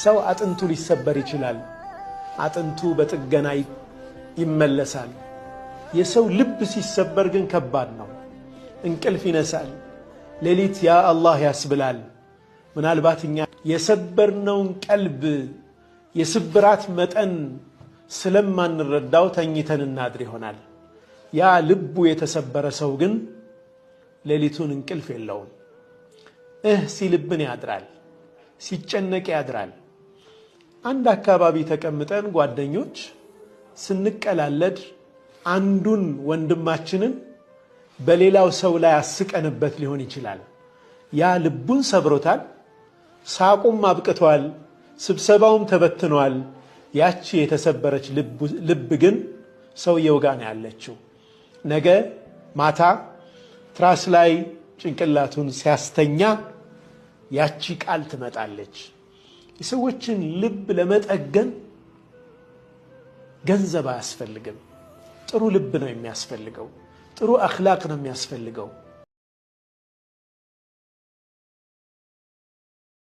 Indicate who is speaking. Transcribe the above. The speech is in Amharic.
Speaker 1: ሰው አጥንቱ ሊሰበር ይችላል። አጥንቱ በጥገና ይመለሳል። የሰው ልብ ሲሰበር ግን ከባድ ነው። እንቅልፍ ይነሳል። ሌሊት ያ አላህ ያስብላል። ምናልባት እኛ የሰበርነውን ቀልብ የስብራት መጠን ስለማንረዳው ተኝተን እናድር ይሆናል። ያ ልቡ የተሰበረ ሰው ግን ሌሊቱን እንቅልፍ የለውም። እህ ሲልብን ያድራል፣ ሲጨነቅ ያድራል። አንድ አካባቢ ተቀምጠን ጓደኞች ስንቀላለድ አንዱን ወንድማችንን በሌላው ሰው ላይ አስቀንበት ሊሆን ይችላል። ያ ልቡን ሰብሮታል፣ ሳቁም አብቅቷል፣ ስብሰባውም ተበትኗል። ያቺ የተሰበረች ልብ ግን ሰውየው ጋር ነው ያለችው። ነገ ማታ ትራስ ላይ ጭንቅላቱን ሲያስተኛ ያቺ ቃል ትመጣለች። የሰዎችን ልብ ለመጠገን ገንዘብ አያስፈልግም። ጥሩ ልብ ነው የሚያስፈልገው። ጥሩ አኽላቅ ነው የሚያስፈልገው።